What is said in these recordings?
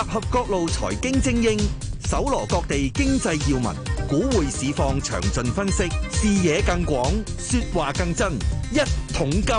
集合各路財經精英，蒐羅各地經濟要聞，股匯市況詳盡分析，視野更廣，說話更真。一桶金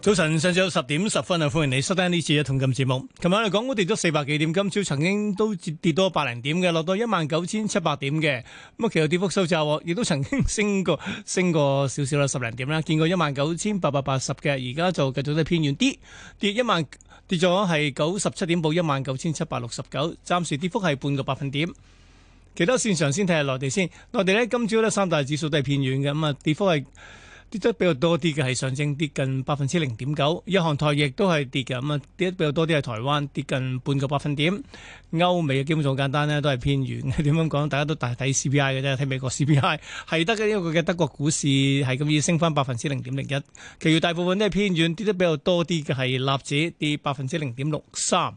早晨，上晝十點十分啊，歡迎你收聽呢次一桶金節目。琴晚嚟講，我哋跌咗四百幾點，今朝曾經都跌跌多百零點嘅，落到一萬九千七百點嘅。咁啊，其實跌幅收窄，亦都曾經升過升過少少啦，十零點啦，見過一萬九千八百八十嘅，而家就繼續都係偏遠啲跌一萬。跌咗係九十七點，報一萬九千七百六十九，暫時跌幅係半個百分點。其他線上先睇下內地先，內地呢，今朝呢，三大指數都係偏軟嘅，咁啊，跌幅係。跌得比較多啲嘅係上證跌近百分之零點九，日韓台亦都係跌嘅，咁啊，跌得比較多啲係台灣跌近半個百分點。歐美嘅基本上好簡單呢，都係偏軟。點樣講？大家都大睇 CPI 嘅啫，睇美國 CPI 係得嘅。因為佢嘅德國股市係咁要升翻百分之零點零一，其餘大部分都係偏軟，跌得比較多啲嘅係納指跌百分之零點六三。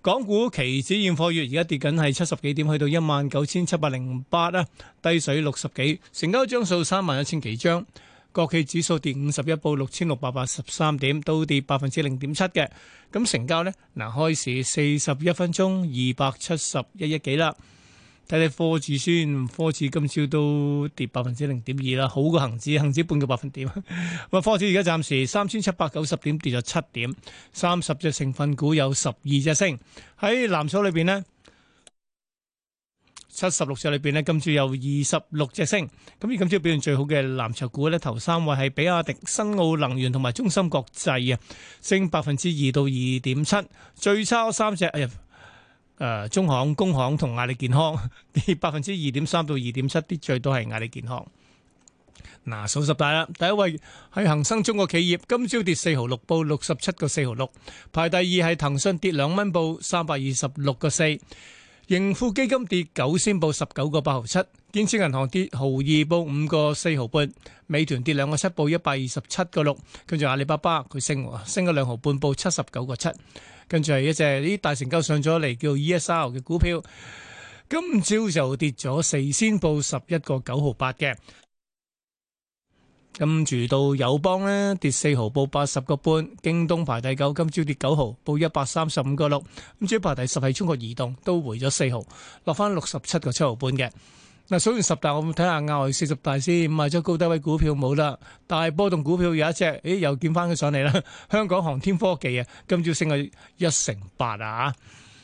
港股期指現貨月而家跌緊係七十幾點，去到一萬九千七百零八啦，低水六十幾，成交張數三萬一千幾張。國企指數跌五十一，報六千六百八十三點，都跌百分之零點七嘅。咁成交呢？嗱，開市四十一分鐘二百七十一億幾啦。睇睇科指先，科指今朝都跌百分之零點二啦，好過恒指，恒指半個百分點。咁啊，科指而家暫時三千七百九十點，跌咗七點，三十隻成分股有十二隻升。喺藍籌裏邊呢。七十六隻裏邊咧，今朝有二十六隻升。咁而今朝表現最好嘅藍籌股咧，頭三位係比亞迪、新奧能源同埋中芯國際啊，升百分之二到二點七。最差嗰三隻誒，誒中行、工行同阿里健康，跌百分之二點三到二點七。跌最多係阿里健康。嗱，數十大啦，第一位係恒生中國企業，今朝跌四毫六，報六十七個四毫六。排第二係騰訊，跌兩蚊，報三百二十六個四。盈富基金跌九仙，報十九個八毫七，建設銀行跌毫二，報五個四毫半，美團跌兩個七，報一百二十七個六，跟住阿里巴巴佢升，升咗兩毫半，報七十九個七，跟住係一隻啲大成交上咗嚟叫 ESR 嘅股票，今朝就跌咗四仙，報十一個九毫八嘅。跟住到友邦咧跌四毫報八十個半，京東排第九，今朝跌九毫報一百三十五個六，跟住排第十係中國移動都回咗四毫，落翻六十七個七毫半嘅。嗱，數完十大，我睇下額外四十大先，賣咗高低位股票冇啦，大波動股票有一隻，誒，又見翻佢上嚟啦，香港航天科技啊，今朝升咗一成八啊。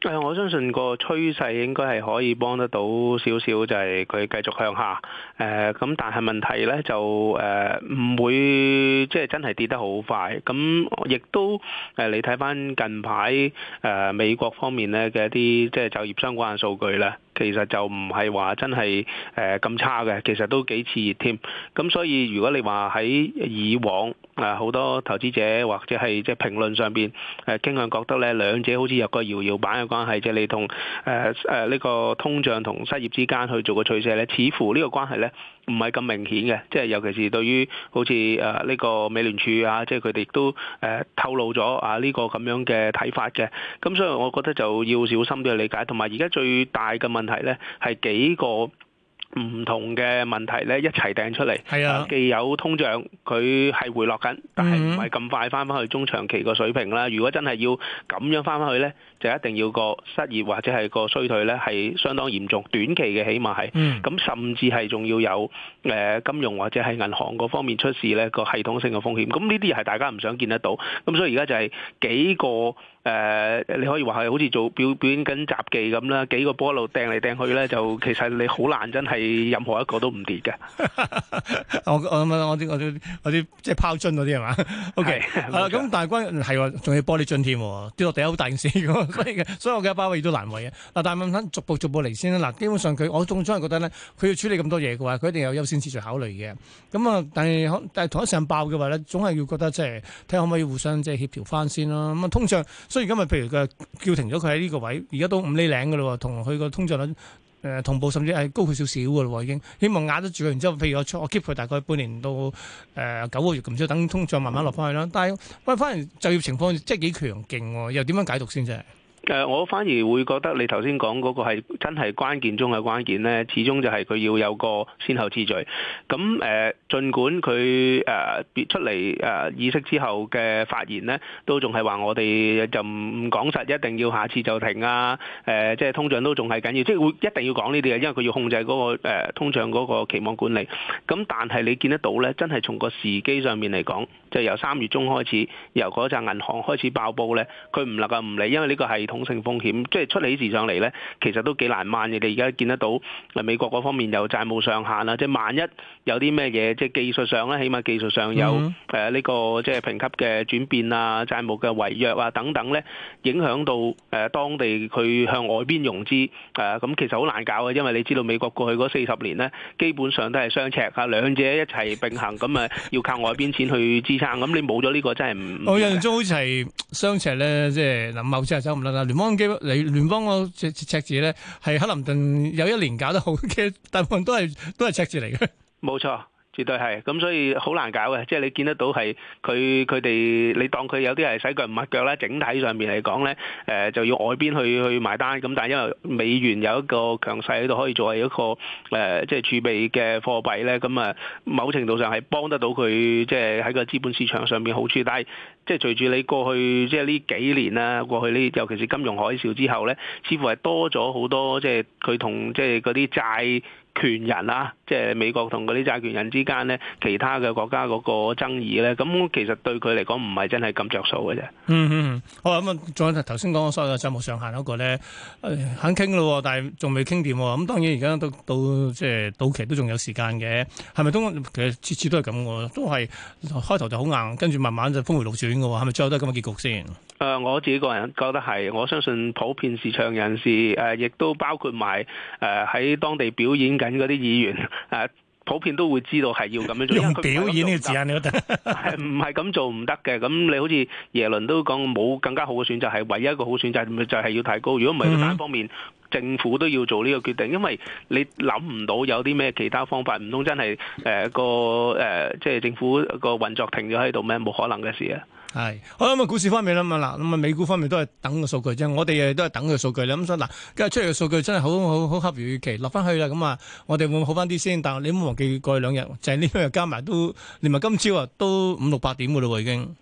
誒，我相信個趨勢應該係可以幫得到少少，就係佢繼續向下。誒、呃，咁但係問題咧就誒，唔、呃、會即係真係跌得好快。咁亦都誒、呃，你睇返近排誒、呃、美國方面咧嘅一啲即係就業相關嘅數據咧。其實就唔係話真係誒咁差嘅，其實都幾熾熱添。咁所以如果你話喺以往誒好、啊、多投資者或者係即係評論上邊誒、啊、經常覺得咧兩者好似有個搖搖板嘅關係，即、就、係、是、你同誒誒呢個通脹同失業之間去做個取捨咧，似乎呢個關係咧，唔係咁明顯嘅，即係尤其是對於好似誒呢個美聯儲啊，即係佢哋亦都誒透露咗啊呢個咁樣嘅睇法嘅。咁所以我覺得就要小心啲去理解。同埋而家最大嘅問題呢係幾個唔同嘅問題呢一齊掟出嚟。係啊，既有通脹，佢係回落緊，但係唔係咁快翻返去中長期個水平啦。如果真係要咁樣翻返去呢？就一定要個失業或者係個衰退咧，係相當嚴重，短期嘅起碼係。咁、嗯、甚至係仲要有誒金融或者係銀行嗰方面出事咧，個系統性嘅風險。咁呢啲係大家唔想見得到。咁所以而家就係幾個誒、呃，你可以話係好似做表表演緊雜技咁啦，幾個波路掟嚟掟去咧，就其實你好難真係任何一個都唔跌嘅 我我啲我啲我啲即係拋樽嗰啲係嘛？OK、 啊。咁、啊、大係關係話仲要玻璃樽添，跌落地下好大件事。 所以我嘅鮑威爾亦都難為嘅。嗱，但係慢慢逐步逐步嚟先啦。嗱，基本上佢，我總總係覺得咧，佢要處理咁多嘢嘅話，佢一定有優先次序考慮嘅。咁啊，但係但係同一時間爆嘅話咧，總係要覺得即係睇可唔可以互相即係協調翻先啦。咁啊，通脹，雖然今日譬如佢叫停咗，佢喺呢個位，而家都五厘零嘅嘞，同佢個通脹率誒同步，甚至係高佢少少嘅嘞喎已經。希望壓得住佢，然之後譬如我 keep 佢大概半年到誒九個月咁，即等通脹慢慢落翻去啦。但係喂，反而就業情況即係幾強勁喎，又點樣解讀先啫？誒，我反而會覺得你頭先講嗰個係真係關鍵中嘅關鍵咧，始終就係佢要有個先後次序。咁誒，儘管佢誒別出嚟誒意識之後嘅發言咧，都仲係話我哋就唔講實，一定要下次就停啊！誒，即係通脹都仲係緊要，即係會一定要講呢啲嘢，因為佢要控制嗰個誒通脹嗰個期望管理。咁但係你見得到咧，真係從個時機上面嚟講，就由三月中開始，由嗰紮銀行開始爆煲咧，佢唔能夠唔理，因為呢個系統。性風險，即係出起事上嚟咧，其實都幾難慢嘅。你而家見得到美國嗰方面又債務上限啦，即係萬一有啲咩嘢，即係技術上咧，起碼技術上有誒呢、mm hmm. 呃這個即係評級嘅轉變啊，債務嘅違約啊等等咧，影響到誒、呃、當地佢向外邊融資誒，咁、呃、其實好難搞嘅，因為你知道美國過去嗰四十年咧，基本上都係雙赤啊，兩者一齊並行，咁啊 要靠外邊錢去支撐，咁你冇咗呢個真係唔。我印象中好似係雙赤咧，即係嗱，某隻係走唔甩。嗱，聯邦機，你聯聯邦嗰隻赤字咧，係克林頓有一年搞得好嘅，大部分都係都係赤字嚟嘅，冇錯。絕對係，咁所以好難搞嘅，即係你見得到係佢佢哋，你當佢有啲係洗腳唔抹腳啦。整體上面嚟講咧，誒、呃、就要外邊去去埋單。咁但係因為美元有一個強勢喺度，可以作為一個誒、呃、即係儲備嘅貨幣咧，咁、嗯、啊某程度上係幫得到佢即係喺個資本市場上邊好處。但係即係隨住你過去即係呢幾年啊，過去呢尤其是金融海嘯之後咧，似乎係多咗好多即係佢同即係嗰啲債權人啊。即係美國同嗰啲債權人之間咧，其他嘅國家嗰個爭議咧，咁其實對佢嚟講唔係真係咁着數嘅啫。嗯嗯，好咁啊，再頭先講咗所有債務上限嗰個咧，肯傾咯，但係仲未傾掂。咁、嗯、當然而家都到即係到期都仲有時間嘅。係咪都其實次次都係咁喎？都係開頭就好硬，跟住慢慢就峰回路轉嘅喎。係咪最後都係咁嘅結局先？誒、呃，我自己個人覺得係，我相信普遍市場人士誒、呃，亦都包括埋誒喺當地表演緊嗰啲議員。誒，普遍都會知道係要咁樣做，用表演嘅字眼行唔行，你覺得係唔係咁做唔得嘅？咁你好似耶倫都講冇更加好嘅選擇，係唯一一個好選擇，就係要提高。如果唔係單方面。嗯政府都要做呢個決定，因為你諗唔到有啲咩其他方法，唔通真係誒個誒，即係政府個運作停咗喺度咩？冇可能嘅事啊！係好啦，咁啊，股市方面啦咁啊，咁啊，美股方面都係等個數據啫。我哋誒都係等個數據啦。咁所以嗱，今日出嚟嘅數據真係好好好合預期，落翻去啦。咁啊，我哋會好翻啲先。但係你唔好忘記過去兩日，就係呢個加埋都連埋今朝啊，都五六八點嘅咯喎，已經。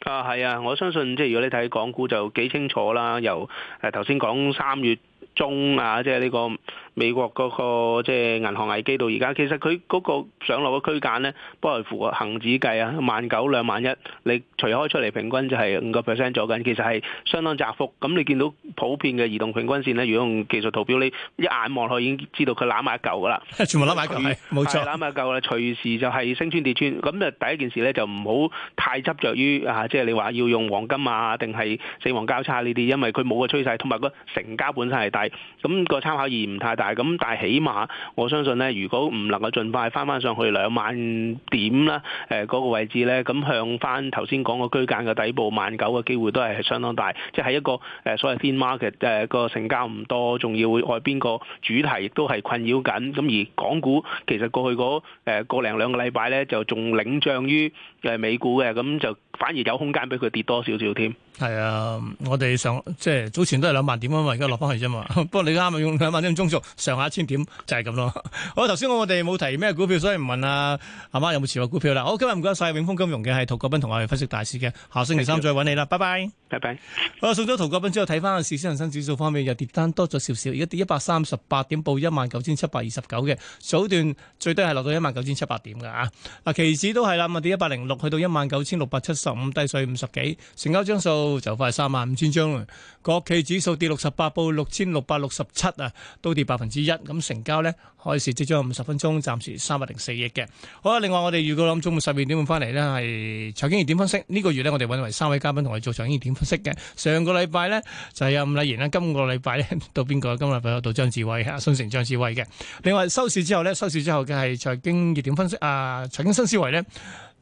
啊，係啊！我相信即係如果你睇港股就幾清楚啦。由誒頭先講三月。中啊，即係呢個美國嗰、那個即係銀行危機到而家，其實佢嗰個上落嘅區間咧，不外乎恒指計啊，萬九兩萬一，你除開出嚟平均就係五個 percent 左近，其實係相當窄幅。咁你見到普遍嘅移動平均線咧，如果用技術圖表，你一眼望落已經知道佢攬埋一嚿噶啦，全部攬埋一嚿，冇、就是、沒錯，攬埋一嚿啦。隨時就係升穿跌穿。咁、嗯、啊，第一件事咧就唔好太執着於啊，即係你話要用黃金啊，定係死亡交叉呢啲，因為佢冇個趨勢，同埋個成交本身係。大，咁個參考意義唔太大，咁但係起碼我相信咧，如果唔能夠盡快返返上去兩萬點啦，誒、那、嗰個位置咧，咁向返頭先講個區間嘅底部萬九嘅機會都係相當大，即係一個誒所謂 thin market 誒、呃、個成交唔多，仲要外邊個主題都係困擾緊，咁而港股其實過去嗰誒個零兩個禮拜咧，就仲領漲於係美股嘅，咁就反而有空間俾佢跌多少少添。係啊，我哋上即係早前都係兩萬點啊嘛，而家落翻去啫嘛。 不過你啱啊，用兩萬點鐘做，上下一千點就係咁咯。 好，頭先我哋冇提咩股票，所以唔問啊阿媽，媽有冇持有股票啦。好，今日唔該曬永豐金融嘅係陶國斌同我哋分析大市嘅，下星期三再揾你啦，拜拜。拜拜。好，送咗陶國斌之後，睇翻市，恒生指數方面又跌單多咗少少，而家跌一百三十八點，報一萬九千七百二十九嘅，早段最低係落到一萬九千七百點嘅啊。嗱，期指都係啦，咪跌一百零六。去到一萬九千六百七十五，低水五十幾，成交張數就快三萬五千張啦。國企指數跌六十八，報六千六百六十七啊，都跌百分之一。咁成交咧，開市即將五十分鐘，暫時三百零四億嘅。好啦，另外我哋預告諗中午十二點半翻嚟咧，係財經熱點分析。呢個月咧，我哋揾埋三位嘉賓同我哋做財經熱點分析嘅。上個禮拜咧就吳麗賢啦，今個禮拜咧到邊個？今個禮拜到張志威啊，信誠張志威嘅。另外收市之後咧，收市之後嘅係財經熱點分析啊，財經新思維咧。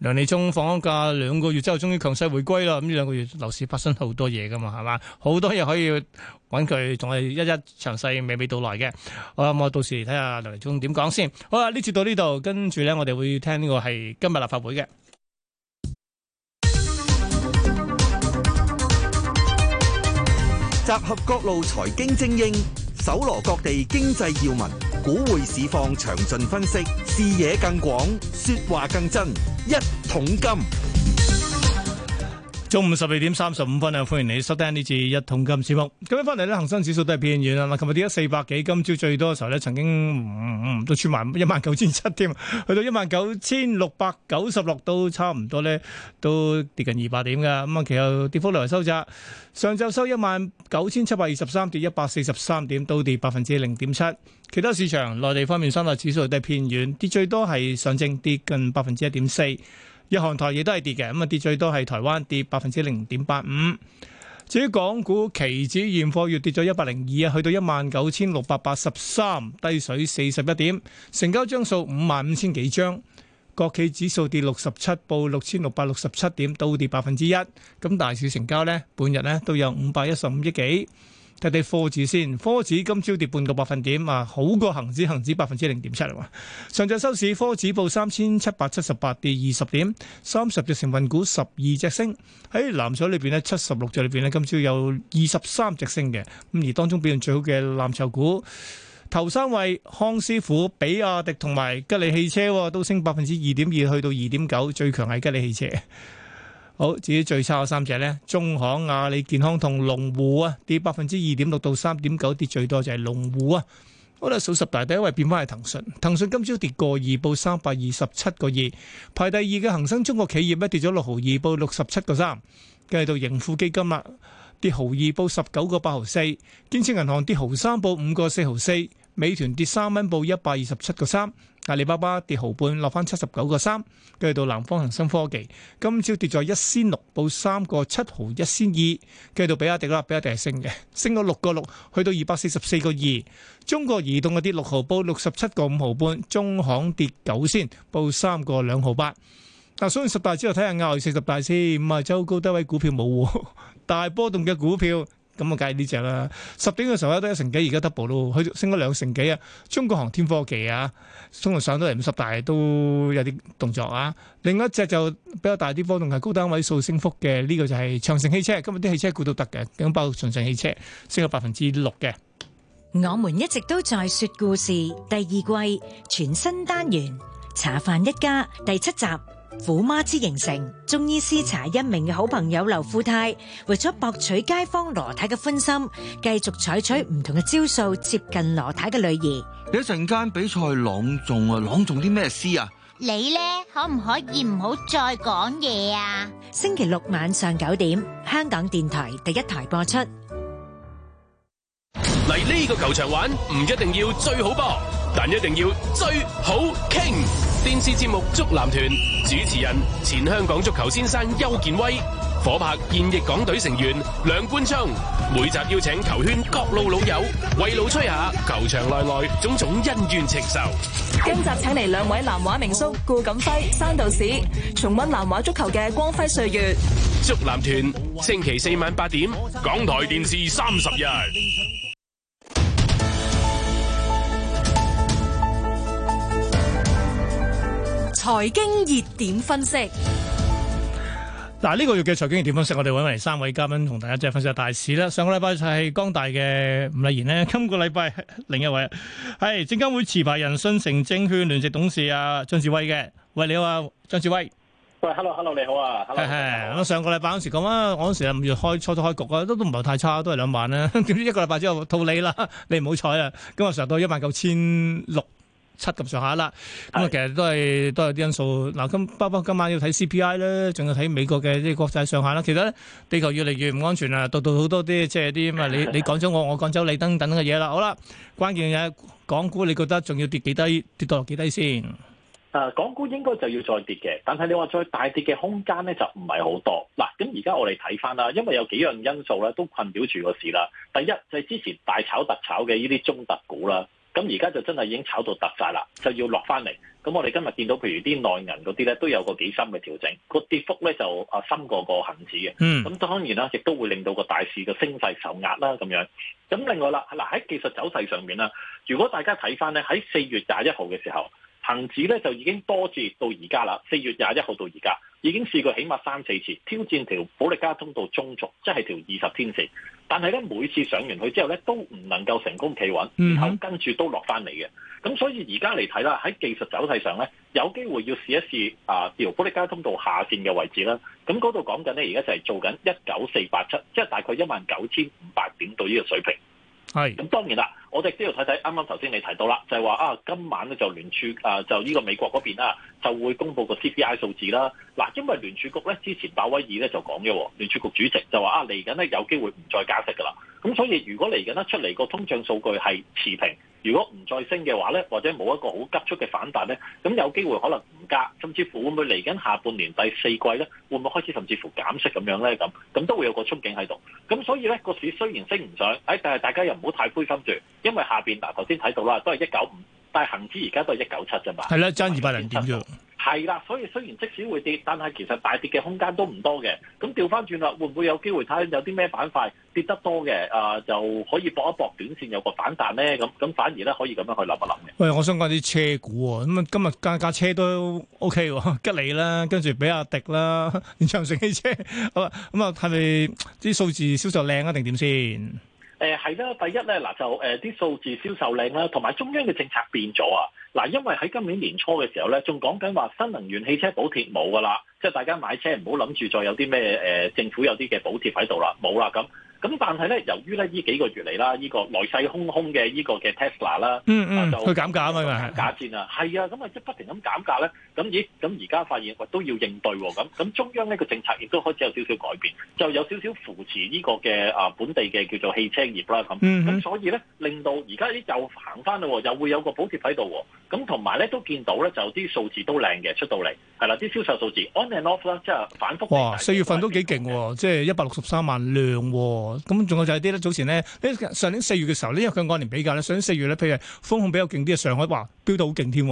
梁利忠放咗假兩個月之後終於強勢，終於強勢回歸啦！咁呢兩個月樓市發生好多嘢噶嘛，係嘛，好多嘢可以揾佢，仲係一一詳細娓娓道來嘅。好啦，到我到時睇下梁利忠點講先。好啦，呢次到呢度，跟住咧，我哋會聽呢個係今日立法會嘅，集合各路財經精英，搜羅各地經濟要聞，股匯市況詳盡分析，視野更廣，說話更真，一桶金。中午十二點三十五分啊，歡迎你收聽呢次一桶金節目。今日翻嚟咧，恒生指數都係偏軟啊。琴日跌咗四百幾，今朝最多嘅時候咧，曾經唔都穿埋，一萬九千七添，去到一萬九千六百九十六都差唔多咧，都跌近二百點噶。咁啊，其後跌幅量係收窄，上晝收一萬九千七百二十三，跌一百四十三點，都跌百分之零點七。其他市場，內地方面三大指數都係偏軟，跌最多係上證跌近百分之一點四。日韓台亦都係跌嘅，咁啊，跌最多係台灣跌百分之零點八五。至於港股期指現貨月跌咗一百零二啊，去到一萬九千六百八十三，低水四十一點，成交張數五萬五千幾張。國企指數跌六十七，報六千六百六十七點，倒跌百分之一。咁大市成交呢，本日呢都有五百一十五億幾。睇睇科指先貨，科指今朝跌半個百分點啊，好過恒指，恒指百分之零點七啊嘛。上晝收市，科指報三千七百七十八跌二十點，三十隻成分股十二隻升，喺、哎、藍籌裏邊呢，七十六隻裏邊呢，今朝有二十三隻升嘅，咁而當中表現最好嘅藍籌股，頭三位康師傅、比亞迪同埋吉利汽車都升百分之二點二，去到二點九，最強係吉利汽車。好，至於最差嘅三隻咧，中行、阿里健康同農戶啊，跌百分之二點六到三點九，跌最多就係農戶啊。好啦數十大，第一位變翻係騰訊，騰訊今朝跌個二，報三百二十七個二。排第二嘅恒生中國企業咧，跌咗六毫二，報六十七個三。跟住到盈富基金啦，跌毫二，報十九個八毫四。建設銀行跌毫三，報五個四毫四。美團跌三蚊，報一百二十七個三；阿里巴巴跌毫半，落翻七十九個三。繼續到南方恒生科技，今朝跌咗一先六，報三個七毫一先二。繼續到比亞迪啦，比亞迪係升嘅，升到六個六，去到二百四十四個二。中國移動嘅跌六毫，報六十七個五毫半。中行跌九先，報三個兩毫八。但係所以十大之後睇下外圍十大先。咁啊，周高低位股票冇，大波動嘅股票。咁啊，梗係呢隻啦！十點嘅時候都一成幾，而家 double 咯，佢升咗兩成幾啊！中國航天科技啊，中國上到嚟五十，但係都有啲動作啊！另一隻就比較大啲波動係高單位數升幅嘅，呢個就係長城汽車，今日啲汽車股都得嘅，咁包括長城汽車升咗百分之六嘅。我們一直都在說故事第二季全新單元《茶飯一家》第七集。虎媽之形成，中醫師查一名嘅好朋友劉富泰，為咗博取街坊羅太嘅歡心，繼續採取唔同嘅招數接近羅太嘅女兒。你一陣間比賽朗誦啊，朗誦啲咩詩啊？你呢可唔可以唔好再講嘢啊？星期六晚上九點，香港電台第一台播出。嚟呢個球場玩，唔一定要最好波，但一定要最好傾。電視節目《足籃團》主持人，前香港足球先生邱建威，夥拍現役港隊成員梁冠聰，每集邀請球圈各路老友圍爐吹水，球場內外種種恩怨情仇。今集請嚟兩位南華名宿顧錦輝、山道士，重溫南華足球嘅光輝歲月。足籃團星期四晚八點，港台電視三十日。財經熱點分析。嗱，呢個月嘅財經熱點分析，我哋揾埋三位嘉賓同大家一齊分析下大市啦。上個禮拜就係江大嘅吳麗賢，呢今個禮拜另一位係證監會持牌人信誠證券聯席董事啊，張志威嘅。喂，你好啊，張志威。喂，hello hello，你好啊。係係是、啊，我上個禮拜嗰時講啊，我嗰時啊五月開初初開局啊，都都唔係太差，都係兩萬啦，啊。點 知一個禮拜之後套你啦，你唔好彩啊。今日上到一萬九千六。七咁是的 上下啦，咁啊，其實都係都有啲因素。嗱，今包括今晚要睇 CPI 啦，仲要睇美國嘅啲國際上下啦。其實地球越嚟越唔安全啦，到到好多啲即係啲咁啊！你你講咗我，我講咗你，等等嘅嘢啦。好啦，關鍵嘅係，港股你覺得仲要跌幾低，跌到幾低先？啊，港股應該就要再跌嘅，但係你話再大跌嘅空間咧就唔係好多。嗱、啊，咁而家我哋睇翻啦，因為有幾樣因素咧都困擾住個市啦。第一就係、是、之前大炒特炒嘅呢啲中特股啦。咁而家就真係已經炒到突晒啦，就要落翻嚟。咁我哋今日見到，譬如啲內銀嗰啲咧，都有個幾深嘅調整，個跌幅咧就啊深過個恆指嘅。咁當然啦，亦都會令到個大市嘅升勢受壓啦。咁樣。咁另外啦，嗱喺技術走勢上面啦，如果大家睇翻咧喺四月廿一號嘅時候。恒指咧就已經多次到而家啦，四月廿一號到而家已經試過起碼三四次挑戰條保力加通道中軸，即係條二十天線。但係咧每次上完去之後咧都唔能夠成功企穩，然後跟住都落翻嚟嘅。咁所以而家嚟睇啦，喺技術走勢上咧有機會要試一試啊條保力加通道下線嘅位置啦。咁嗰度講緊咧而家就係做緊一九四八七，即係大概一萬九千五百點到呢個水平。係，咁是當然啦，我哋都要睇睇啱啱頭先你提到啦，就係、是、話啊，今晚咧就聯儲啊，就呢個美國嗰邊啦，就會公布個 CPI 數字啦。嗱、啊，因為聯儲局咧之前鮑威爾咧就講嘅，聯儲局主席就話啊，嚟緊咧有機會唔再加息噶啦。咁所以如果嚟緊咧出嚟個通脹數據係持平，如果唔再升嘅話呢，或者冇一個好急速嘅反彈呢，咁有機會可能唔加，甚至乎會唔會嚟緊下，下半年第四季呢？會唔會開始甚至乎減息咁樣呢？咁咁都會有個憧憬喺度。咁所以呢，個市雖然升唔上，誒，但係大家又唔好太灰心住，因為下邊嗱頭先睇到啦，都係一九五，但係恆指而家都係一九七啫嘛。係啦，爭二百零點啫。係啦，所以雖然即使會跌，但係其實大跌嘅空間都唔多嘅。咁掉返轉啦，會唔會有機會睇有啲咩板塊跌得多嘅？啊、呃，就可以搏一搏，短線有個反彈咧。咁咁反而咧可以咁樣去諗一諗嘅。喂，我想講啲車股喎。咁啊，今日架架車都 OK 喎、啊，吉利啦，跟住比亞迪啦，連長城汽車。咁 啊，咁啊，係咪啲數字銷售靚啊？定點先？誒係啦，第一咧嗱就誒啲、呃、數字銷售令啦，同埋中央嘅政策變咗啊！嗱，因為喺今年年初嘅時候咧，仲講緊話新能源汽車補貼冇㗎啦，即係大家買車唔好諗住再有啲咩誒政府有啲嘅補貼喺度啦，冇啦咁。咁但係咧，由於咧呢幾個月嚟啦，呢、呢個來勢洶洶嘅呢個嘅 Tesla 啦，嗯嗯，佢、啊、減價啊嘛，價、嗯、就戰啊，係啊， 咁啊即不停咁減價咧，咁咦咁而家發現，喂、哎、都要應對喎，咁咁中央呢個政策亦都開始有少少改變，就有少少扶持呢個嘅啊本地嘅叫做汽車業啦，咁咁、嗯、哼所以咧令到而家又行翻嘞，又會有個補貼喺度，咁同埋咧都見到咧就啲數字都靚嘅出到嚟，係啦，啲銷售數字 on and off 啦，即係反覆哇，四月份都幾勁喎，即係一百六十三萬輛喎、啊。啊。咁仲有就係啲咧，早前咧，上年四月嘅時候，呢因為佢按年比較咧，上年四月咧，譬如風控比較勁啲啊，上海話飆到好勁添。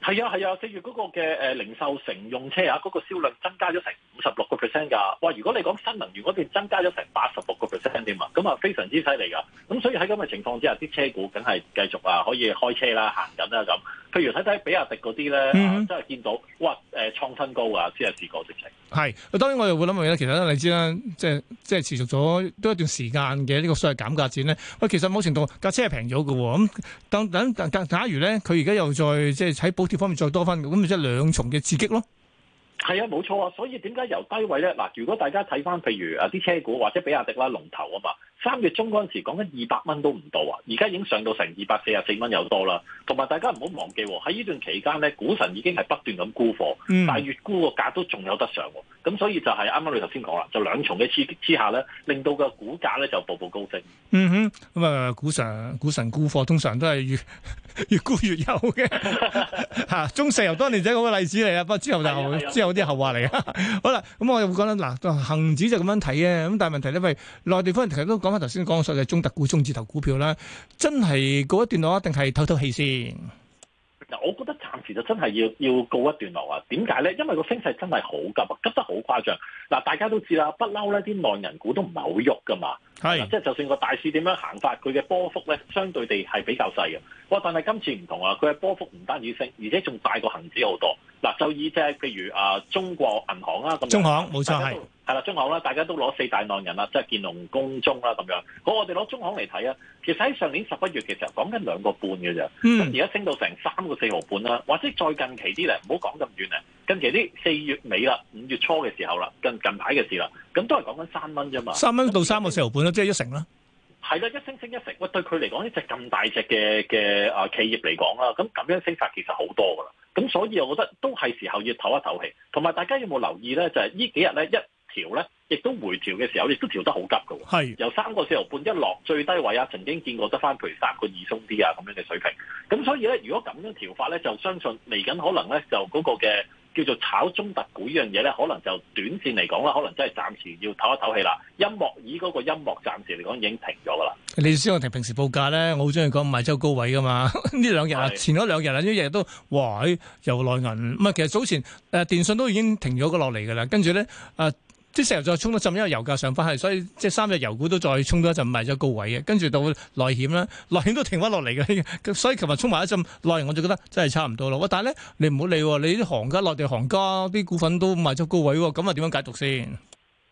係啊係啊，四、啊、月嗰個嘅誒零售乘用車啊，嗰、那個銷量增加咗成五十六個 percent 㗎。哇，如果你講新能源嗰邊增加咗成八十六個 percent 添啊，咁啊非常之犀利㗎。咁所以喺咁嘅情況之下，啲車股梗係繼續啊，可以開車啦、行緊啦咁。譬如睇睇比亞迪嗰啲咧，都係見到哇誒創新高啊，即係試過直係，嗯、當然我又會諗埋咧。其實咧，你知啦，即係即係持續咗都一段時間嘅呢個所謂減價戰咧。喂，其實某程度架車係平咗嘅，咁等等，假假如咧，佢而家又再即係喺補貼方面再多翻，咁咪即係兩重嘅刺激咯。係啊，冇錯啊。所以點解由低位咧？嗱，如果大家睇翻，譬如啊啲車股或者比亞迪啦龍頭啊嘛。三月中嗰陣時講緊二百蚊都唔到啊，而家已經上到成二百四十四蚊有多啦。同埋大家唔好忘記喎，喺呢段期間咧，股神已經係不斷咁沽貨，但係越沽個價都仲有得上，咁、嗯、所以就係啱啱你頭先講啦，就兩重嘅刺激之下咧，令到個股價咧就步步高升。嗯哼，咁、嗯、啊、嗯、股神股神沽貨通常都係越越沽越有嘅嚇。 中石油當年就嗰個例子嚟 啊，不過後頭之後有啲後話嚟啊。好啦的，咁 我又講啦，嗱，恒指就咁樣睇嘅，咁，但係問題咧，喂，如內地方人其實都講頭先講嘅中特股，中字頭股票咧，真係告一段落一定係透透氣先。嗱，我覺得暫時就真係要要告一段落啊。點解咧？因為個升勢真係好急，急得好誇張。嗱，大家都知啦，不嬲咧啲內銀股都唔係好喐噶嘛。係是，即係就算個大市點樣行法，佢嘅波幅咧相對地係比較細嘅。哇！但係今次唔同啊，佢嘅波幅唔單止升，而且仲大過恒指好多。嗱，就以即係譬如啊，中國銀行啊，咁中行冇錯係。係啦，中行啦，大家都攞四大浪人啦，即係建隆、工中啦咁樣。好，我哋攞中行嚟睇啊，其實喺上年十一月其實，講緊兩個半嘅啫。嗯。而家升到成三個四毫半啦，或者再近期啲咧，唔好講咁遠咧。近期啲四月尾啦，五月初嘅時候啦，近近排嘅事啦，咁都係講緊三蚊啫嘛。三蚊到三個四毫半啦，即係一成啦。係啦，一升升一成，喂，對佢嚟講呢隻咁大隻嘅嘅啊企業嚟講啦，咁咁樣升法其實好多噶啦。咁所以我覺得都係時候要唞一唞氣，同埋大家有冇留意咧？就係、是、呢幾日咧一。一調咧，亦都回調嘅時候，亦都調得好急嘅喎。係由三個四毫半一落最低位啊，曾經見過得翻，譬如三個二鬆啲啊，咁樣嘅水平。咁所以咧，如果咁樣調法咧，就相信嚟緊可能咧，就嗰個嘅叫做炒中特股呢樣嘢咧，可能就短線嚟講啦，可能真係暫時要唞一唞氣啦。音樂以嗰個音樂暫時嚟講已經停咗㗎啦。你先我平平時報價咧，我好中意講唔係周高位㗎嘛。呢 兩日啊，的前嗰兩日啊，呢一日都哇又內銀，唔其實早前誒、呃、電訊都已經停咗個落嚟㗎啦。跟住咧誒。呃呃即成日再衝多浸，因為油價上翻，所以即係三隻油股都再衝多一陣，賣咗高位嘅。跟住到內險啦，內險都停翻落嚟嘅。所以琴日衝埋一陣內，我就覺得真係差唔多咯。我但係咧，你唔好理喎，你啲行家、內地行家啲股份都賣咗高位，咁啊點樣解讀先？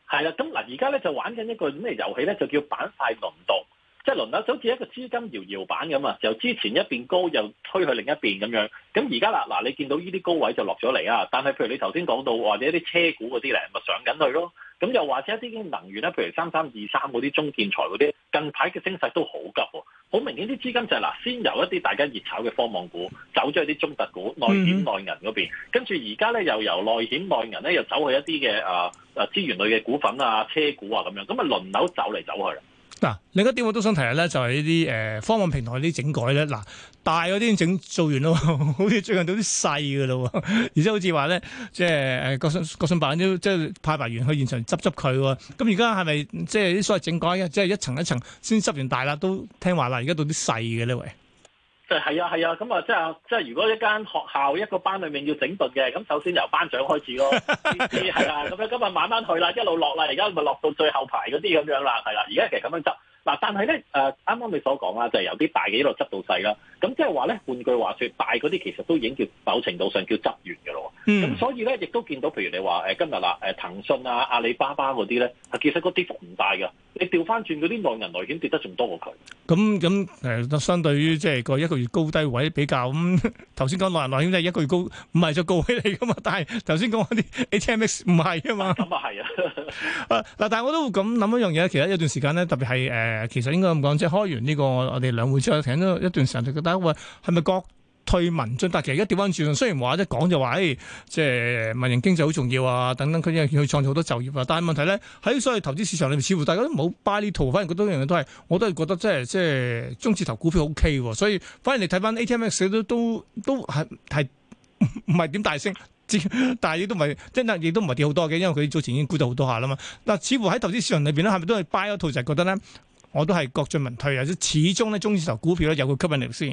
係啦，咁嗱，而家咧就玩緊一個咩遊戲咧？就叫板塊輪動。即係輪流，就好似一個資金搖搖板咁啊！由之前一邊高，又推去另一邊咁樣。咁而家啦，嗱，你見到呢啲高位就落咗嚟啊！但係譬如你頭先講到或者一啲車股嗰啲咧，咪上緊去咯。咁又或者一啲能源咧，譬如三三二三嗰啲中建材嗰啲，近排嘅升勢都好急，好明顯啲資金就係嗱，先由一啲大家熱炒嘅科網股走咗去啲中特股、內險內銀嗰邊，跟住而家咧又由內險內銀咧又走去一啲嘅誒誒資源類嘅股份啊、車股啊咁樣，咁啊輪流走嚟走去。嗱、啊，另一點我都想提咧，就係呢啲誒方案平台啲整改咧。嗱、啊，大嗰啲整做完咯，好 似最近到啲細噶咯，而且好似話咧，即係誒國信國信辦都即係派埋員去現場執執佢喎。咁而家係咪即係啲所謂整改，即係一,一層一層先執完大啦，都聽話啦。而家到啲細嘅呢咧？喂就係啊，係啊，咁啊，即係即係，如果、啊、一間學校一個班裏面要整頓嘅，咁首先由班長開始咯，啲係啊，咁樣今日慢慢去啦，一路落啦，而家咪落到最後排嗰啲咁樣啦，係啦，而家其實咁樣執。嗱，但係咧，誒啱啱你所講啦，就係由啲大嘅一路執到細啦。咁即係話咧，換句話説，大嗰啲其實都已經叫某程度上叫執完嘅咯。咁、嗯、所以咧，亦都見到，譬如你話誒今日嗱，誒騰訊啊、阿里巴巴嗰啲咧，其實個跌幅唔大嘅。你調返轉嗰啲內銀內險跌得仲多過佢。咁咁誒，相對於即係個一個月高低位比較咁，頭先講內銀內險即係一個月高，唔係就高位嚟㗎嘛。但係頭先講嗰啲 ATMX 唔係啊嘛？咁啊係啊。誒、嗯、嗱，但係、啊啊、我都會咁諗一樣嘢，其實有段時間咧，特別係誒。呃誒，其實應該咁講，即係開完呢個我哋兩會之後停一段時間，覺得喂，係咪國退民進？但其實而家調翻轉，雖然話一係講就話，誒，即係民營經濟好重要啊，等等，佢因為佢創造好多就業啊。但係問題咧，喺所謂投資市場裏邊，似乎大家都冇 buy 呢套，反而好多嘢都係，我都係覺得即係即係中字頭股票 OK，所以反而你睇翻 A T M X 都都都係係唔係點大升，但係亦都唔係即係亦都唔係跌好多嘅，因為佢早前已經沽到好多下啦嘛。但似乎喺投資市場裏邊咧，係咪都係 buy 嗰套就係覺得咧？我都係國進民退啊！始終咧，中字頭股票咧有個吸引力先。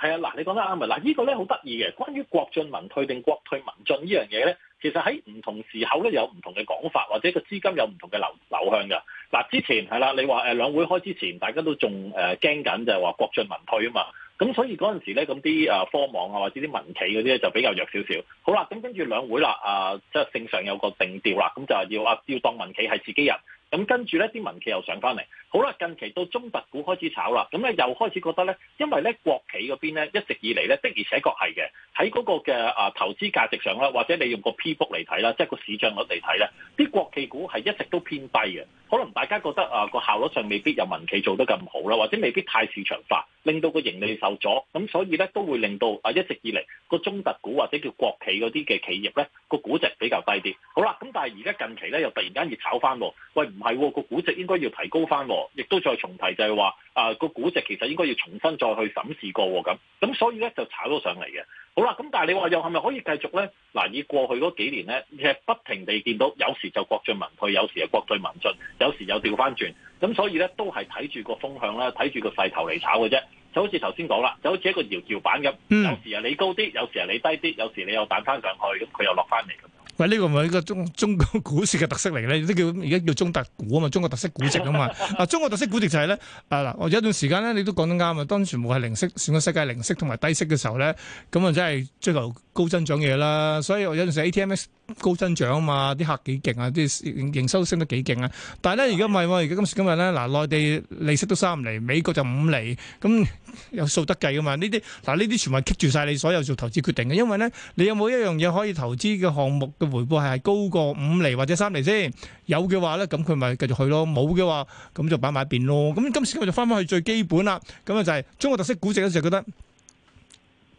係啊，嗱，你講得啱啊！嗱，呢個咧好得意嘅，關於國進民退定國退民進呢樣嘢咧，其實喺唔同時候咧有唔同嘅講法，或者個資金有唔同嘅流流向㗎。嗱，之前係啦，啊，你話誒兩會開之前，大家都仲誒驚緊，就係話國進民退啊嘛。咁所以嗰陣時咧，咁啲誒科網啊，或者啲民企嗰啲咧就比較弱少少。好啦，咁跟住兩會啦，啊，即係正常有個定調啦，咁就係要啊要當民企係自己人。咁跟住咧，啲民企又上翻嚟。好啦，近期到中特股開始炒啦，咁咧又開始覺得咧，因為咧國企嗰邊咧一直以嚟咧的而且確係嘅，喺嗰個嘅啊投資價值上啦，或者你用個 P 股嚟睇啦，即係個市漲率嚟睇咧，啲國企股係一直都偏低嘅。可能大家覺得啊個效率上未必有民企做得咁好啦，或者未必太市場化，令到個盈利受阻，咁所以咧都會令到啊一直以嚟個中特股或者叫國企嗰啲嘅企業咧個估值比較低啲。好啦，咁但係而家近期咧又突然間要炒翻喎，喂！係喎、嗯，個估值應該要提高翻，亦都再重提就係話，啊個估值其實應該要重新再去審視過咁，咁所以咧就炒咗上嚟嘅。好啦，咁但係你話又係咪可以繼續咧？嗱，以過去嗰幾年咧，亦係不停地見到，有時就國進民退，有時係國退民進，有時又調翻轉，咁所以咧都係睇住個風向啦，睇住個勢頭嚟炒嘅啫。就好似頭先講啦，就好似一個搖搖板咁，有時係你高啲，有時係你低啲，有時你又彈翻上去，咁佢又落翻嚟咁。喂，呢個咪一個中中國股市嘅特色嚟咧，啲叫而家叫中特股啊嘛，中國特色估值啊嘛，啊中國特色估值就係咧，啊嗱，我有一段時間咧，你都講得啱啊，當全部係零息、全個世界零息同埋低息嘅時候咧，咁啊真係追求高增長嘢啦，所以我有陣時 ATMX。高增長啊嘛，啲客幾勁啊，啲營收升得幾勁啊！但係咧，而家唔係喎，而家今時今日咧，嗱，內地利息都三厘，美國就五厘，咁有數得計噶嘛？呢啲嗱，呢啲全部係棘住晒你所有做投資決定嘅，因為咧，你有冇一樣嘢可以投資嘅項目嘅回報係高過五厘或者三厘先？有嘅話咧，咁佢咪繼續去咯；冇嘅話，咁就擺埋一邊咯。咁今時今日就翻返去最基本啦，咁啊就係中國特色估值咧，就覺得。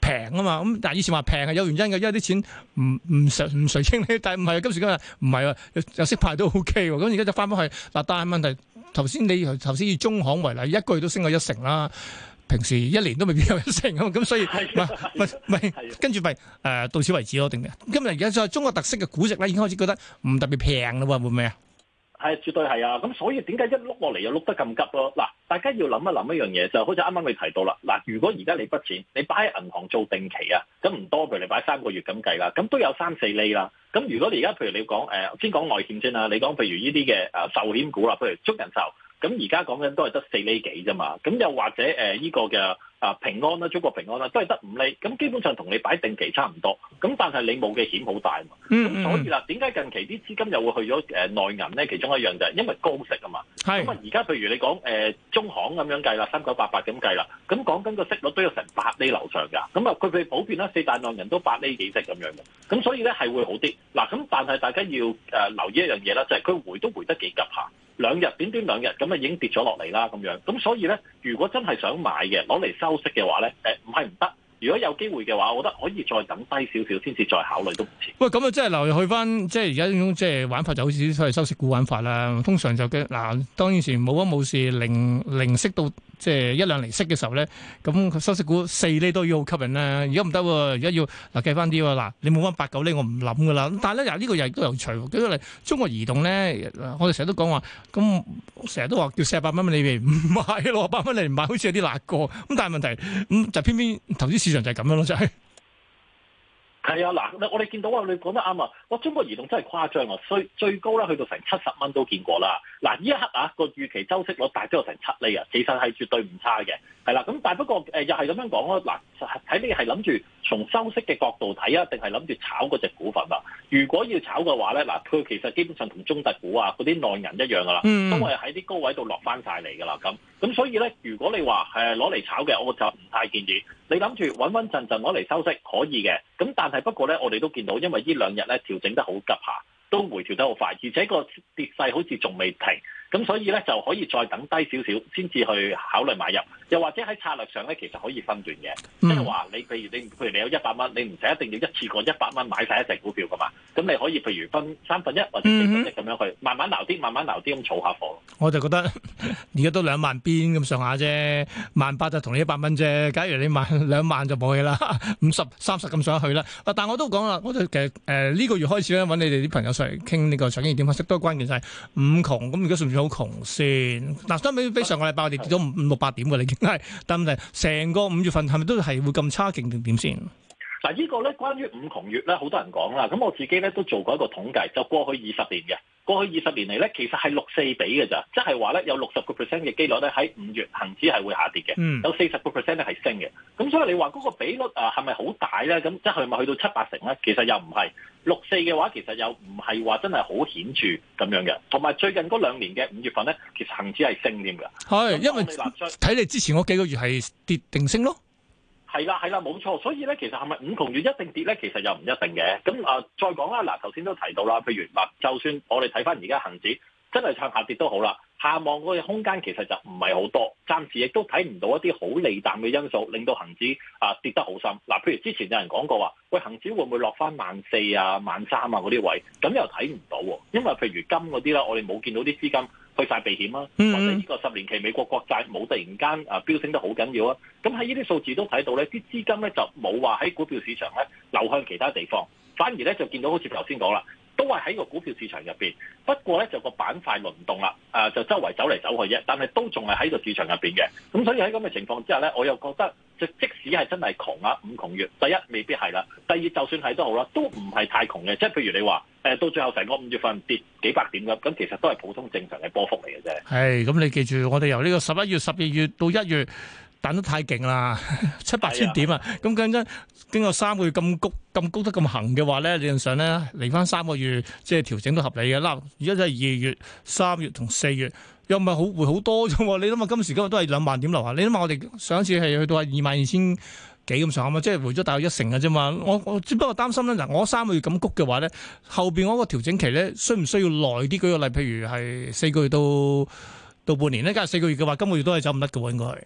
平啊嘛，咁但係以前話平係有原因嘅，因為啲錢唔唔唔誰清呢？但係唔係今時今日唔係啊，有色牌都 OK 喎，咁而家就翻返去嗱，但係問題頭先你頭先以中行為例，一個月都升過一成啦，平時一年都未必有一成啊嘛，咁所以跟住咪誒到此為止咯，定今日而家再中國特色嘅估值咧，已經開始覺得唔特別平啦喎，會唔會啊？係，絕對係啊！咁所以點解一碌落嚟又碌得咁急咯？嗱，大家要諗一諗一樣嘢，就好似啱啱你提到啦。嗱，如果而家你筆錢你擺喺銀行做定期啊，咁唔多，譬如你擺三個月咁計啦，咁都有三四厘啦。咁如果你而家譬如你講誒，先講內險先啦，你講譬如呢啲嘅誒壽險股啦，譬如中人壽，咁而家講緊都係得四厘幾啫嘛。咁又或者誒呢個嘅。啊平安啦，中國平安啦，都係得五厘，咁基本上同你擺定期差唔多，咁但係你冇嘅險好大嘛，咁所以啦，點解近期啲資金又會去咗誒、呃、內銀咧？其中一樣就係因為高息啊嘛，咁啊而家譬如你講誒、呃、中行咁樣計啦，三九八八咁計啦，咁講緊個息率都有成八厘樓上㗎，咁啊佢佢普遍啦四大內銀都八厘幾息咁樣嘅，咁所以咧係會好啲，嗱咁但係大家要誒、呃、留意一樣嘢啦，就係、是、佢回都回得幾急下。兩日短短兩日咁啊，已經跌咗落嚟啦，咁樣咁所以咧，如果真係想買嘅，攞嚟收息嘅話咧，誒唔係唔得。不如果有機會嘅話，我覺得可以再等低少少，先至再考慮都唔遲。喂，咁啊，真係留意去翻，即係而家嗰種即係玩法就好似所謂收息股玩法啦。通常就嘅嗱，當以前冇乜冇事，零零息到即係一兩厘息嘅時候咧，咁收息股四厘都要好吸引啦。而家唔得喎，而家要嗱計翻啲喎嗱，你冇翻八九厘，我唔諗噶啦。但係咧，又呢個又都有趣喎。舉出嚟，中國移動咧，我哋成日都講話，咁成日都話叫四百蚊你未唔買，六百蚊你唔買，好似有啲辣過。咁但係問題，咁就偏偏頭先。思想就係咁樣咯，真、就、係、是。係啊，嗱，我哋見到啊，你講得啱啊。哇，中國移動真係誇張啊，最最高咧去到成七十蚊都見過啦。嗱，呢一刻啊個預期周息率大都係成七厘啊，其實係絕對唔差嘅。係啦、啊，咁但係不過誒、呃、又係咁樣講咯。嗱，睇你係諗住從收息嘅角度睇啊，定係諗住炒嗰隻股份啊？如果要炒嘅話咧，嗱，佢其實基本上同中特股啊嗰啲內人一樣噶、啊、啦，都係喺啲高位度落翻晒嚟噶啦。咁咁所以咧，如果你話誒攞嚟炒嘅，我就唔太建議。你諗住穩穩陣陣攞嚟收息可以嘅，咁但係不過呢，我哋都見到，因為呢兩日呢，調整得好急，下都回調得好快，而且個跌勢好似仲未停。咁所以咧就可以再等低少少先至去考慮買入，又或者喺策略上咧其實可以分段嘅，即係話你譬如你譬如你有一百蚊，你唔使一定要一次過一百蚊買晒一隻股票噶嘛，咁你可以譬如分三分一或者四分一咁樣去，慢慢撈啲，慢慢撈啲咁儲下貨。我就覺得而家都兩萬邊咁上下啫，萬八就同你一百蚊啫，假如你萬兩萬就冇嘢啦，五十、三十咁上去啦。啊，但我都講啦，我就其實誒呢、呃呢個月開始咧揾你哋啲朋友上嚟傾呢個上星期點分析，多關鍵就係、是、五窮，咁如果順唔順？好窮先嗱，相比比上個禮拜我哋跌咗五五六八點嘅喇，已經係？但問題成個五月份係咪都係會咁差勁定點先？嗱，呢個咧關於五窮月咧，好多人講啦。咁我自己咧都做過一個統計，就過去二十年嘅過去二十年嚟咧，其實係六四比嘅咋，即係話咧有六十個 percent 嘅機率咧喺五月恒指係會下跌嘅，有四十個 percent 咧係升嘅。咁所以你話嗰個比率啊係咪好大咧？咁即係咪去到七八成咧？其實又唔係六四嘅話其，其實又唔係話真係好顯著咁樣嘅。同埋最近嗰兩年嘅五月份咧，其實恒指係升添㗎。係因為睇你之前嗰幾個月係跌定升咯。係啦，係啦，冇錯。所以咧，其實係咪五窮月一定跌咧？其實又唔一定嘅。咁啊、呃，再講啦。嗱、呃，頭先都提到啦，譬如話、呃，就算我哋睇翻而家恒指，真係向下跌都好啦，下望嗰個空間其實就唔係好多。暫時亦都睇唔到一啲好利淡嘅因素，令到恒指啊、呃、跌得好深。嗱、呃，譬如之前有人講過話，喂恒指會唔會落翻萬四啊、萬三啊嗰啲位？咁又睇唔到，因為譬如金嗰啲啦，我哋冇見到啲資金。去晒避險啊！嗯嗯或者呢個十年期美國國債冇突然間啊飆升得好緊要啊！咁喺呢啲數字都睇到咧，啲資金咧就冇話喺股票市場咧流向其他地方，反而咧就見到好似頭先講啦，都係喺個股票市場入邊。不過咧就個板塊輪動啦，誒、啊、就周圍走嚟走去啫。但係都仲係喺個市場入邊嘅。咁所以喺咁嘅情況之下咧，我又覺得。即即使係真係窮啊，五窮月，第一未必係啦。第二就算係都好啦，都唔係太窮嘅。即係譬如你話，誒到最後成個五月份跌幾百點啦，咁其實都係普通正常嘅波幅嚟嘅啫。係咁，你記住，我哋由呢個十一月、十二月到一月，等得太勁啦，七八千點啊！咁緊張經過三個月咁高咁高，高得咁行嘅話咧，理論上咧嚟返三個月即係調整都合理嘅啦。而家就係二月、三月同四月。又唔係好回好多喎，你諗下今時今日都係兩萬點樓下，你諗下我哋上一次係去到啊二萬二千幾咁上下嘛，即係回咗大約一成嘅啫嘛。我我只不過擔心咧，嗱，我三個月咁谷嘅話咧，後邊嗰個調整期咧，需唔需要耐啲？舉個例，譬如係四個月到到半年呢，梗係四個月嘅話，今個月都係走唔得嘅喎，應該係。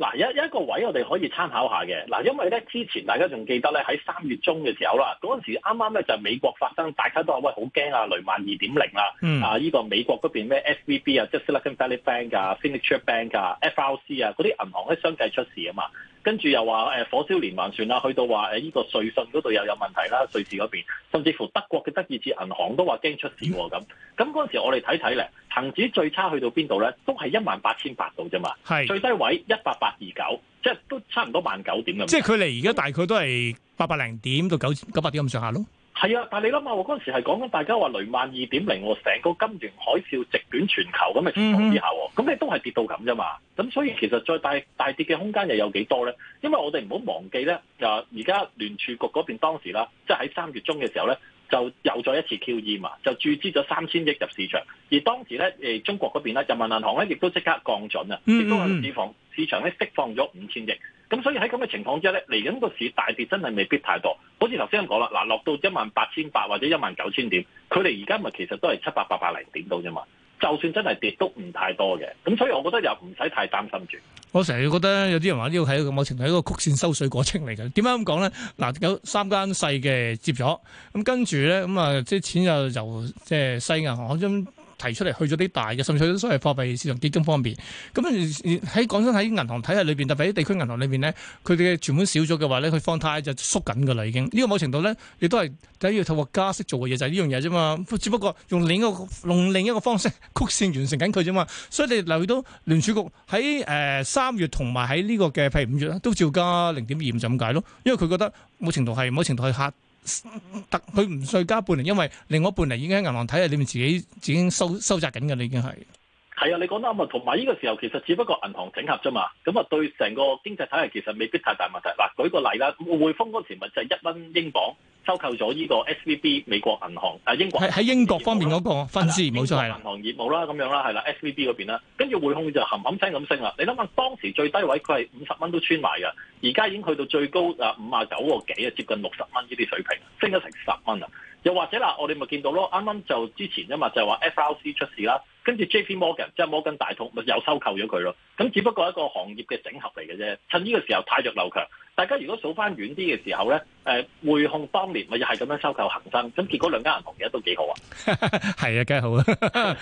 嗱有一個位我哋可以參考下嘅，嗱因為咧之前大家仲記得咧喺三月中嘅時候啦，嗰陣時啱啱咧就美國發生，大家都話喂好驚啊，雷曼二點零啦，啊呢、這個美國嗰邊咩 SVB 啊、即係 Silicon Valley Bank 啊、mm、Signature Bank 啊、FRC 啊嗰啲銀行咧相繼出事啊嘛。跟住又話誒火燒連環船啦，去到話誒呢個瑞信嗰度又有問題啦，瑞士嗰邊，甚至乎德國嘅德意志銀行都話驚出事喎咁。咁嗰陣時我哋睇睇咧，恆指最差去到邊度咧，都係一萬八千八度啫嘛，是最低位一八八二九，即係都差唔多萬九點咁。即係佢離而家大概都係八百零點到九九百點咁上下咯。係啊，但係你諗下喎，嗰陣時係講緊大家話雷曼二點零喎，成個金融海嘯席捲全球咁嘅情況之下喎，咁你都係跌到咁啫嘛。咁所以其實再大大跌嘅空間又有幾多咧？因為我哋唔好忘記咧，啊，而家聯儲局嗰邊當時啦，即係喺三月中嘅時候咧。就又再一次 QE 嘛，就注資咗三千億入市場，而當時咧誒、呃、中國嗰邊咧，人民銀行咧亦都即刻降準啊，亦都係釋放市場咧釋放咗五千億，咁所以喺咁嘅情況之下咧，嚟緊個市大跌真係未必太多，好似頭先咁講啦，嗱落到一萬八千八或者一萬九千點，佢哋而家咪其實都係七百八百零點度啫嘛。就算真係跌都唔太多嘅，咁所以我覺得又唔使太擔心住。我成日覺得有啲人話呢個喺一個某程度係一個曲線收水過程嚟嘅，點解咁講咧？嗱，有三間細嘅接咗，咁跟住咧，咁啊啲錢由就由即係西銀行中。提出嚟去咗啲大嘅，甚至乎都係所謂貨幣市場基金方面。咁喺講真，喺銀行體系裏邊，特別喺地區銀行裏邊咧，佢哋嘅存款少咗嘅話咧，佢放貸就縮緊噶啦，已經。呢、呢個某程度咧，亦都係第一要透過加息做嘅嘢，就係呢樣嘢啫嘛。只不過用另一個用另一個方式曲線完成緊佢啫嘛。所以你留意到聯儲局喺誒三月同埋喺呢個嘅譬如五月都照加零點二五就咁解咯。因為佢覺得某程度係某程度係嚇。特佢唔再加半厘，因為另外半厘已經喺銀行體系裏面自己，自己已經收收窄緊嘅啦，已經係。係啊，你講得啱啊，同埋呢個時候其實只不過銀行整合啫嘛，咁啊對成個經濟體系其實未必太大問題。嗱，舉個例啦，匯豐嗰時咪就係一蚊英鎊收購咗呢個 SVB 美國銀行啊，英國喺喺英國方面嗰個分支冇錯係銀行業務啦，咁錯樣啦係啦、啊、SVB 嗰邊啦，跟住匯控就冚冚聲咁升啦。你諗下當時最低位佢係五十蚊都穿埋嘅，而家已經去到最高啊五啊九個幾啊，接近六十蚊呢啲水平，升咗成十蚊啊。又或者嗱，我哋咪見到咯，啱啱就之前啫嘛，就係話 FRC 出事啦。跟住 J.P. Morgan 即係摩根大通，咪又收購咗佢咯。咁只不過係一個行業嘅整合嚟嘅啫，趁呢個時候汰弱留強，大家如果數翻遠啲嘅時候咧。誒，匯、呃、控當年咪又係咁樣收購恒生，咁結果兩間銀行而家都幾好啊，係 啊，梗係好啦，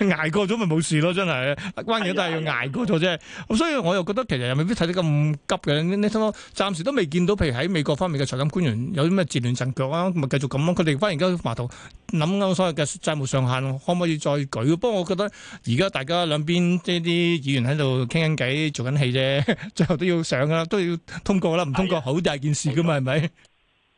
捱過咗咪冇事咯，真係，關鍵都係要捱過咗啫。咁所以我又覺得其實又未必睇得咁急嘅，你睇翻，暫時都未見到，譬如喺美國方面嘅財政官員有啲咩自亂陣腳啊，咪繼續咁咯、啊。佢哋反而家埋頭諗啱所有嘅債務上限，可唔可以再舉？不過我覺得而家大家兩邊即係啲議員喺度傾緊偈、做緊戲啫，最後都要上噶啦，都要通過啦，唔通過好、啊、大件事噶嘛，係咪？係， 啊，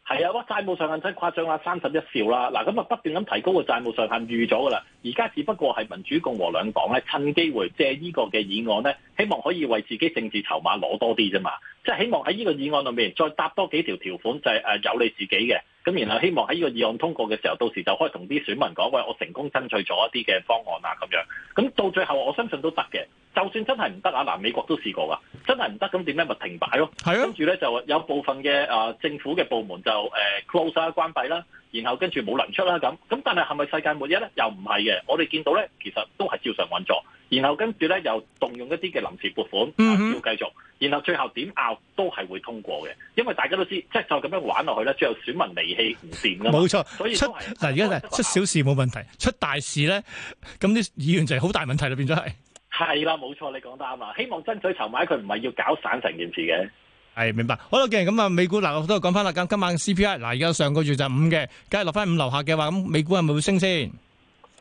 啊，債務上限真係誇張啊，三十一兆啦，嗱咁啊，不斷咁提高個債務上限預咗噶啦，而家只不過係民主共和兩黨咧趁機會借呢個嘅議案咧，希望可以為自己政治籌碼攞多啲啫嘛，即係希望喺呢個議案裏面再搭多幾條條款就係、是、誒、呃、有利自己嘅，咁然後希望喺呢個議案通過嘅時候，到時就可以同啲選民講，喂，我成功爭取咗一啲嘅方案啊，咁樣，咁到最後我相信都得嘅。就算真係唔得啊，嗱，美國都試過㗎，真係唔得咁點咧，咪停擺咯。係啊是的，跟住咧就有部分嘅啊、呃、政府嘅部門就誒 close 啦，關閉啦，然後跟住冇糧出啦咁。咁但係係咪世界末日咧？又唔係嘅。我哋見到咧，其實都係照常運作。然後跟住咧又動用一啲嘅臨時撥款，嗯、哼要繼續。然後最後點拗都係會通過嘅，因為大家都知，即係就咁、是、樣玩落去咧，最後選民離棄唔掂㗎嘛。冇錯，錯所以嗱，而家出，出小事冇問題，出大事咧，咁啲議員就係好大問題啦，變咗係。係啦，冇錯，你講得啱啊！希望爭取籌碼，佢唔係要搞散成件事嘅。係明白，好啦，既然咁啊，美股嗱我都講翻啦。咁今晚 CPI 嗱，而家上個月就五嘅，梗係落翻五樓下嘅話，咁美股係咪會升先？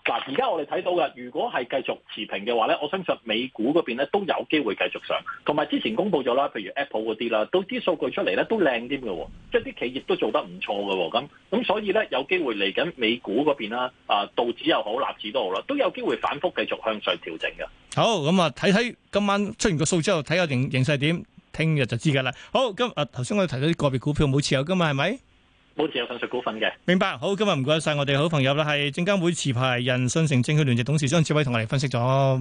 嗱，而家我哋睇到嘅，如果係繼續持平嘅話咧，我相信美股嗰邊咧都有機會繼續上。同埋之前公布咗啦，譬如 Apple 嗰啲啦，到啲數據出嚟咧都靚啲嘅，即係啲企業都做得唔錯嘅。咁咁所以咧，有機會嚟緊美股嗰邊啦，啊道指又好，納指都好啦，都有機會反覆繼續向上調整嘅。好咁啊！睇、嗯、睇今晚出完個數之後，睇下形形勢點，聽日就知㗎喇。好，今啊頭先我哋提到啲個別股票冇持有㗎嘛，係咪？保持有上述股份嘅，明白。好，今日唔該曬我哋好朋友啦，係證監會持牌人信誠證券聯席董事張志偉同我哋分析咗。好，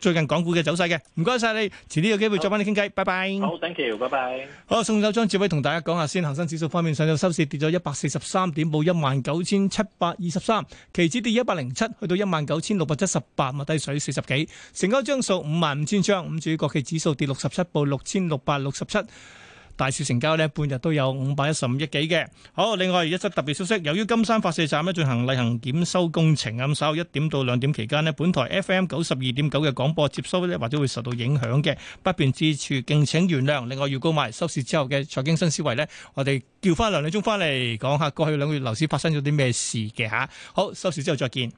最近港股嘅走勢嘅，唔該曬你，遲啲有機會再幫你傾偈。拜拜。好，thank you，拜拜。好，送走張志偉同大家講下先，恒生指數方面上晝收市跌咗一百四十三點，報一萬九千七百二十三，期指跌一百零七，去到一萬九千六百七十八，咪低水四十幾，成交張數五萬五千張，五主要國企指數跌六十七，報六千六百六十七。大市成交呢半日都有五百一十五億幾嘅。好，另外一則特別消息，由於金山發射站呢進行例行檢修工程，咁稍後一點到兩點期間呢，本台 FM 九十二點九嘅廣播接收呢或者會受到影響嘅，不便之處敬請原諒。另外，要告埋收市之後嘅財經新思維呢，我哋叫翻梁麗中翻嚟講下過去兩個月樓市發生咗啲咩事嘅吓。好，收市之後再見。